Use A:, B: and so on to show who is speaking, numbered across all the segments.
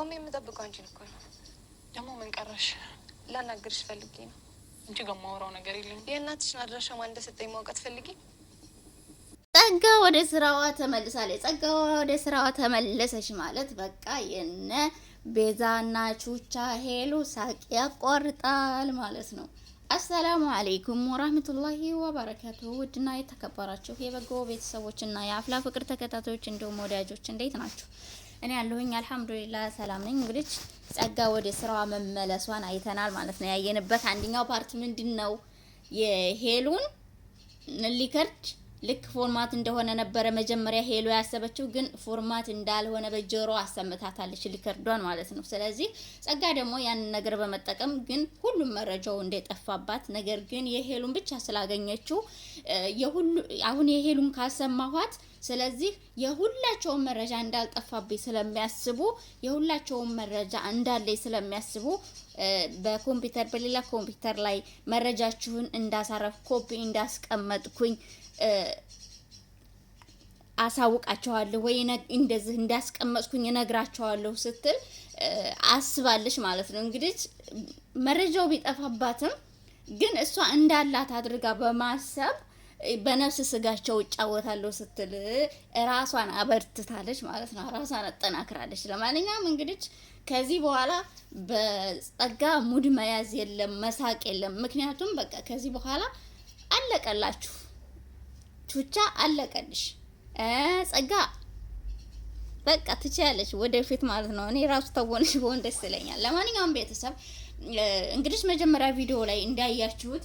A: ቆሜ የምጠብቀው አንቺን እኮ ነው።
B: ደግሞ ምን ቀረሽ? ላናግርሽ ፈልጌ ነው
A: እንጂ ገማውራው ነገር የለም።
B: የእናትሽን አድራሻ ማን እንደሰጠኝ ማውቀት ፈልጌ ጸጋ ወደ ስራዋ ተመልሳለች። ጸጋ ወደ ስራዋ ተመለሰች ማለት በቃ የነ ቤዛና ቹቻ ሄሉ ሳቅ ያቋርጣል ማለት ነው። አሰላሙ አለይኩም ወራህመቱላሂ ወበረካቱ። ውድና የተከበራችሁ የበጎ ቤተሰቦችና የአፍላ ፍቅር ተከታታዮች እንዲሁም ወዳጆች እንዴት ናችሁ? እኔ ያለሁኝ አልሐምዱሊላ ሰላም ነኝ። እንግዲህ ጸጋ ወደ ስራዋ መመለሷን አይተናል ማለት ነው። ያየንበት አንደኛው ፓርት ምንድን ነው የሄሉን ሊከርድ ልክ ፎርማት እንደሆነ ነበረ መጀመሪያ ሄሎ ያሰበችው፣ ግን ፎርማት እንዳልሆነ በጆሮ አሰምታታለች ሊከርዷን ማለት ነው። ስለዚህ ጸጋ ደግሞ ያንን ነገር በመጠቀም ግን ሁሉም መረጃው እንደጠፋባት ነገር ግን የሄሉን ብቻ ስላገኘችው የሁሉ አሁን የሄሉን ካሰማኋት ስለዚህ የሁላቸውን መረጃ እንዳልጠፋብኝ ስለሚያስቡ የሁላቸውን መረጃ እንዳለኝ ስለሚያስቡ በኮምፒውተር በሌላ ኮምፒውተር ላይ መረጃችሁን እንዳሳረፍ ኮፒ እንዳስቀመጥኩኝ አሳውቃቸዋለሁ ወይ እንደዚህ እንዳስቀመጥኩኝ እነግራቸዋለሁ ስትል አስባለች ማለት ነው። እንግዲህ መረጃው ቢጠፋባትም ግን እሷ እንዳላት አድርጋ በማሰብ በነፍስ ስጋቸው እጫወታለሁ ስትል ራሷን አበርትታለች ማለት ነው። ራሷን አጠናክራለች። ለማንኛውም እንግዲህ ከዚህ በኋላ በጸጋ ሙድ መያዝ የለም፣ መሳቅ የለም። ምክንያቱም በቃ ከዚህ በኋላ አለቀላችሁ፣ ቹቻ አለቀልሽ፣ ጸጋ በቃ ትችያለች ወደፊት ማለት ነው። እኔ ራሱ ተወንሽ በሆን ደስ ይለኛል። ለማንኛውም ቤተሰብ እንግዲህ መጀመሪያ ቪዲዮ ላይ እንዳያችሁት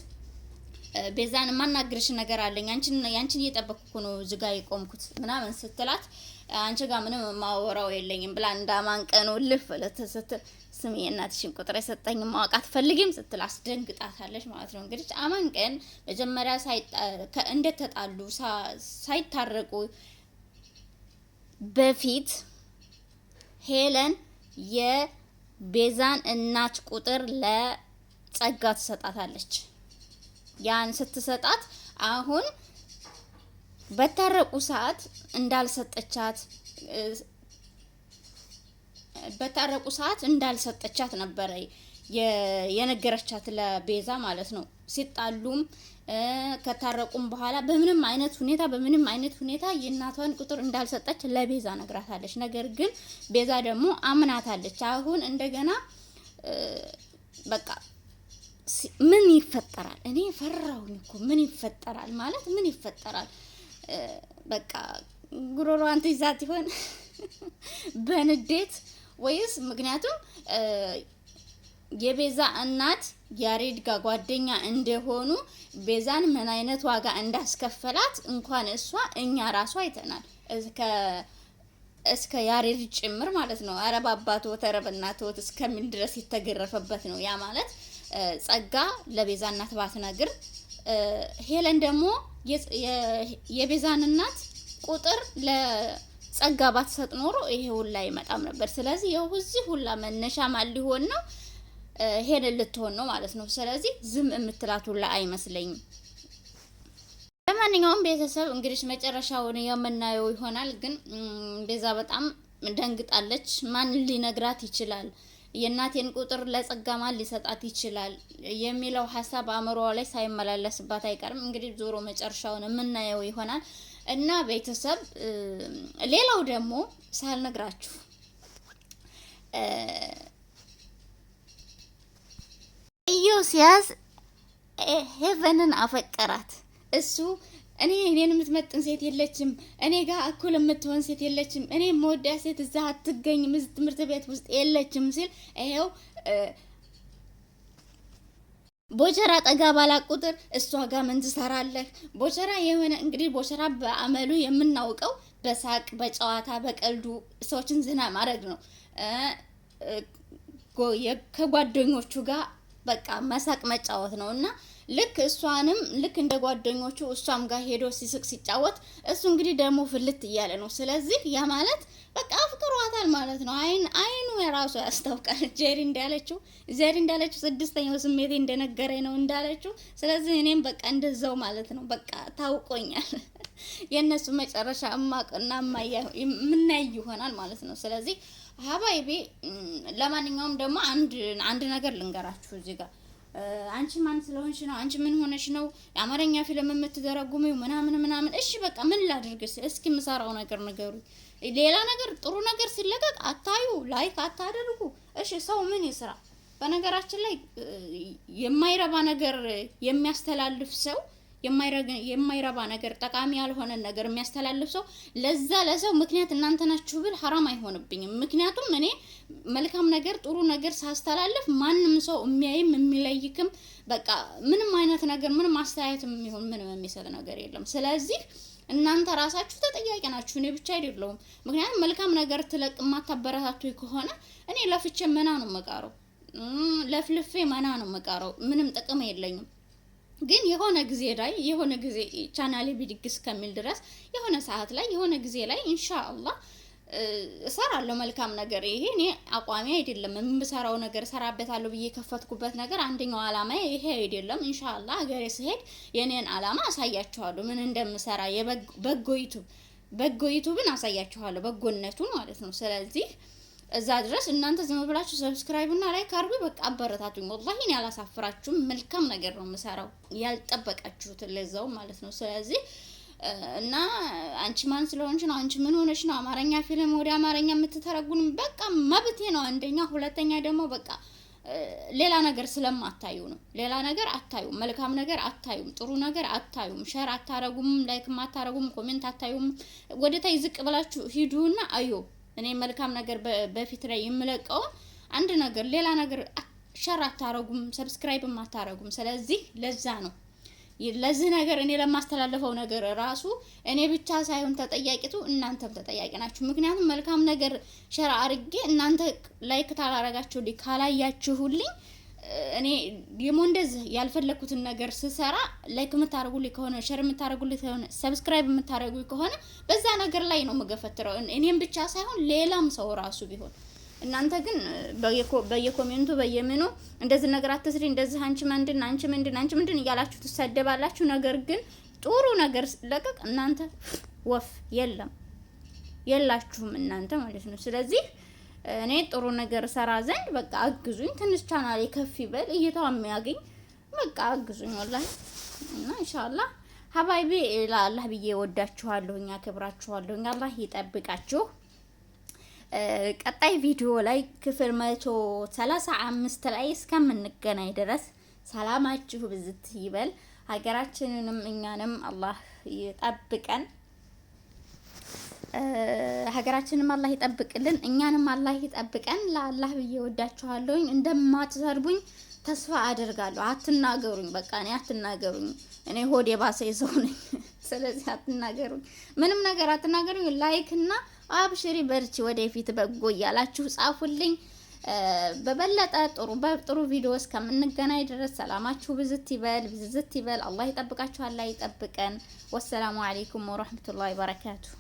B: ቤዛን የማናግርሽ ነገር አለኝ አንቺን ያንቺን እየጠበቅኩ እኮ ነው እዚህ ጋር የቆምኩት ምናምን ስትላት አንቺ ጋር ምንም ማወራው የለኝም ብላ እንዳማንቀኑ ልፍ ስትል ስሜ የእናትሽን ቁጥር የሰጠኝ ማወቅ አትፈልጊም ስትል አስደንግጣታለች ማለት ነው። እንግዲህ አማንቀን መጀመሪያ እንደተጣሉ ሳይታረቁ በፊት ሄለን የቤዛን እናት ቁጥር ለጸጋ ትሰጣታለች። ያን ስትሰጣት አሁን በታረቁ ሰዓት እንዳልሰጠቻት በታረቁ ሰዓት እንዳልሰጠቻት ነበረ የነገረቻት ለቤዛ ማለት ነው። ሲጣሉም ከታረቁም በኋላ በምንም አይነት ሁኔታ በምንም አይነት ሁኔታ የእናቷን ቁጥር እንዳልሰጠች ለቤዛ ነግራታለች። ነገር ግን ቤዛ ደግሞ አምናታለች። አሁን እንደገና በቃ ምን ይፈጠራል? እኔ ፈራሁኝ እኮ ምን ይፈጠራል ማለት ምን ይፈጠራል? በቃ አንተ ይዛት ይሆን በንዴት ወይስ? ምክንያቱም የቤዛ እናት ያሬድ ጋር ጓደኛ እንደሆኑ ቤዛን ምን አይነት ዋጋ እንዳስከፈላት እንኳን እሷ እኛ ራሷ አይተናል። እስከ ያሬድ ጭምር ማለት ነው። አረብ አባቶት፣ አረብ እናቶት እስከሚል ድረስ የተገረፈበት ነው ያ ማለት ጸጋ ለቤዛ እናት ባትነግር ሄለን ደግሞ የቤዛን እናት ቁጥር ለጸጋ ባትሰጥ ኖሮ ይሄ ሁላ ይመጣም ነበር። ስለዚህ ይኸው እዚህ ሁላ መነሻ ማን ሊሆን ነው? ሄለን ልትሆን ነው ማለት ነው። ስለዚህ ዝም የምትላት ሁላ አይመስለኝም። ለማንኛውም ቤተሰብ እንግዲህ መጨረሻውን የምናየው ይሆናል። ግን ቤዛ በጣም ደንግጣለች። ማን ሊነግራት ይችላል? የእናቴን ቁጥር ለጸጋማ ሊሰጣት ይችላል የሚለው ሀሳብ አእምሮዋ ላይ ሳይመላለስባት አይቀርም። እንግዲህ ዞሮ መጨረሻውን የምናየው ይሆናል እና ቤተሰብ፣ ሌላው ደግሞ ሳልነግራችሁ ኢዮስያስ ሄቨንን አፈቀራት እሱ እኔ እኔን የምትመጥን ሴት የለችም፣ እኔ ጋር እኩል የምትሆን ሴት የለችም፣ እኔ መወዳ ሴት እዛ አትገኝም፣ እዚህ ትምህርት ቤት ውስጥ የለችም ሲል ይኸው ቦቸራ ጠጋ ባላ ቁጥር እሷ ጋር ምን ትሰራለህ? ቦቸራ የሆነ እንግዲህ ቦቸራ በአመሉ የምናውቀው በሳቅ በጨዋታ በቀልዱ ሰዎችን ዝና ማድረግ ነው። ከጓደኞቹ ጋር በቃ መሳቅ መጫወት ነው እና ልክ እሷንም ልክ እንደ ጓደኞቹ እሷም ጋር ሄዶ ሲስቅ ሲጫወት እሱ እንግዲህ ደግሞ ፍልት እያለ ነው። ስለዚህ ያ ማለት በቃ አፍቅሯታል ማለት ነው። አይን አይኑ የራሱ ያስታውቃል። ጄሪ እንዳለችው ጄሪ እንዳለችው ስድስተኛው ስሜቴ እንደነገረ ነው እንዳለችው። ስለዚህ እኔም በቃ እንደዛው ማለት ነው። በቃ ታውቆኛል። የእነሱ መጨረሻ እማቅና ምናይ ይሆናል ማለት ነው። ስለዚህ ሀባይቢ ለማንኛውም ደግሞ አንድ አንድ ነገር ልንገራችሁ እዚህ ጋር አንቺ ማን ስለሆንሽ ነው? አንቺ ምን ሆነሽ ነው የአማርኛ ፊልም የምትተረጉሚው? ምናምን ምናምን። እሺ በቃ ምን ላድርግ? እስኪ የምሰራው ነገር ነገሩ ሌላ ነገር ጥሩ ነገር ሲለቀቅ አታዩ፣ ላይክ አታደርጉ። እሺ ሰው ምን ይስራ? በነገራችን ላይ የማይረባ ነገር የሚያስተላልፍ ሰው የማይረባ ነገር፣ ጠቃሚ ያልሆነ ነገር የሚያስተላልፍ ሰው ለዛ ለሰው ምክንያት እናንተ ናችሁ ብል ሀራም አይሆንብኝም። ምክንያቱም እኔ መልካም ነገር፣ ጥሩ ነገር ሳስተላልፍ ማንም ሰው የሚያይም የሚለይክም በቃ ምንም አይነት ነገር ምንም አስተያየትም የሚሆን ምንም የሚሰጥ ነገር የለም። ስለዚህ እናንተ ራሳችሁ ተጠያቂ ናችሁ፣ እኔ ብቻ አይደለሁም። ምክንያቱም መልካም ነገር ትለቅ የማታበረታቱኝ ከሆነ እኔ ለፍቼ መና ነው መቃረው፣ ለፍልፌ መና ነው መቃረው፣ ምንም ጥቅም የለኝም። ግን የሆነ ጊዜ ላይ የሆነ ጊዜ ቻናሌ ቢድግ እስከሚል ድረስ የሆነ ሰዓት ላይ የሆነ ጊዜ ላይ ኢንሻአላህ እሰራለሁ መልካም ነገር። ይሄ እኔ አቋሚ አይደለም የምሰራው ነገር እሰራበታለሁ ብዬ የከፈትኩበት ነገር አንደኛው አላማ ይሄ አይደለም። ኢንሻአላህ ሀገሬ ስሄድ የኔን አላማ አሳያችኋለሁ፣ ምን እንደምሰራ የበጎ ዩቱብ በጎ ዩቱብን አሳያችኋለሁ፣ በጎነቱ ማለት ነው። ስለዚህ እዛ ድረስ እናንተ ዝም ብላችሁ ሰብስክራይብ እና ላይክ አድርጉ። በቃ አበረታቱኝ። ወላሂ እኔ አላሳፍራችሁም። መልካም ነገር ነው የምሰራው ያልጠበቃችሁት ለዛው ማለት ነው። ስለዚህ እና አንቺ ማን ስለሆንሽ ነው? አንቺ ምን ሆነሽ ነው? አማርኛ ፊልም ወደ አማርኛ የምትተረጉንም በቃ መብቴ ነው። አንደኛ፣ ሁለተኛ ደግሞ በቃ ሌላ ነገር ስለማታዩ ነው። ሌላ ነገር አታዩም፣ መልካም ነገር አታዩም፣ ጥሩ ነገር አታዩም፣ ሸር አታረጉም፣ ላይክም አታረጉም፣ ኮሜንት አታዩም። ወደ ታይ ዝቅ ብላችሁ ሂዱና አዩ። እኔ መልካም ነገር በፊት ላይ የምለቀውን አንድ ነገር ሌላ ነገር ሸር አታረጉም፣ ሰብስክራይብም አታረጉም። ስለዚህ ለዛ ነው ለዚህ ነገር እኔ ለማስተላለፈው ነገር ራሱ እኔ ብቻ ሳይሆን ተጠያቂቱ እናንተም ተጠያቂ ናችሁ። ምክንያቱም መልካም ነገር ሸራ አርጌ እናንተ ላይክ ታላረጋችሁልኝ ካላያችሁልኝ እኔ ደግሞ እንደዚህ ያልፈለግኩትን ነገር ስሰራ ላይክ የምታደርጉልኝ ከሆነ ሸር የምታደርጉልኝ ከሆነ ሰብስክራይብ የምታደርጉኝ ከሆነ በዛ ነገር ላይ ነው የምገፈትረው። እኔም ብቻ ሳይሆን ሌላም ሰው ራሱ ቢሆን እናንተ ግን በየኮሜንቱ በየምኑ እንደዚህ ነገር አትስሪ፣ እንደዚህ አንቺ ምንድን አንቺ ምንድን አንቺ ምንድን እያላችሁ ትሰደባላችሁ። ነገር ግን ጥሩ ነገር ለቀቅ እናንተ ወፍ የለም የላችሁም እናንተ ማለት ነው። ስለዚህ እኔ ጥሩ ነገር ሰራ ዘንድ በቃ አግዙኝ። ትንሽ ቻናል ከፍ ይበል እይታው የሚያገኝ በቃ አግዙኝ ወላሂ እና ኢንሻአላህ ሀባይቢ ለአላህ ብዬ ወዳችኋለሁኝ፣ አከብራችኋለሁኝ። አላህ ይጠብቃችሁ። ቀጣይ ቪዲዮ ላይ ክፍል መቶ ሰላሳ አምስት ላይ እስከምንገናኝ ድረስ ሰላማችሁ ብዝት ይበል። ሀገራችንንም እኛንም አላህ ይጠብቀን። ሀገራችንም አላህ ይጠብቅልን፣ እኛንም አላህ ይጠብቀን። ለአላህ ብዬ ወዳችኋለሁኝ። እንደማትሰርቡኝ ተስፋ አደርጋለሁ። አትናገሩኝ፣ በቃ እኔ አትናገሩኝ። እኔ ሆዴ ባሰ ይዘው ነኝ። ስለዚህ አትናገሩኝ፣ ምንም ነገር አትናገሩኝ። ላይክ እና አብሽሪ፣ በርቺ፣ ወደፊት በጎ እያላችሁ ጻፉልኝ። በበለጠ ጥሩ በጥሩ ቪዲዮ እስከምንገናኝ ድረስ ሰላማችሁ ብዝት ይበል፣ ብዝት ይበል። አላህ ይጠብቃችሁ፣ አላህ ይጠብቀን። ወሰላሙ አለይኩም ወራህመቱላሂ ወበረካቱሁ።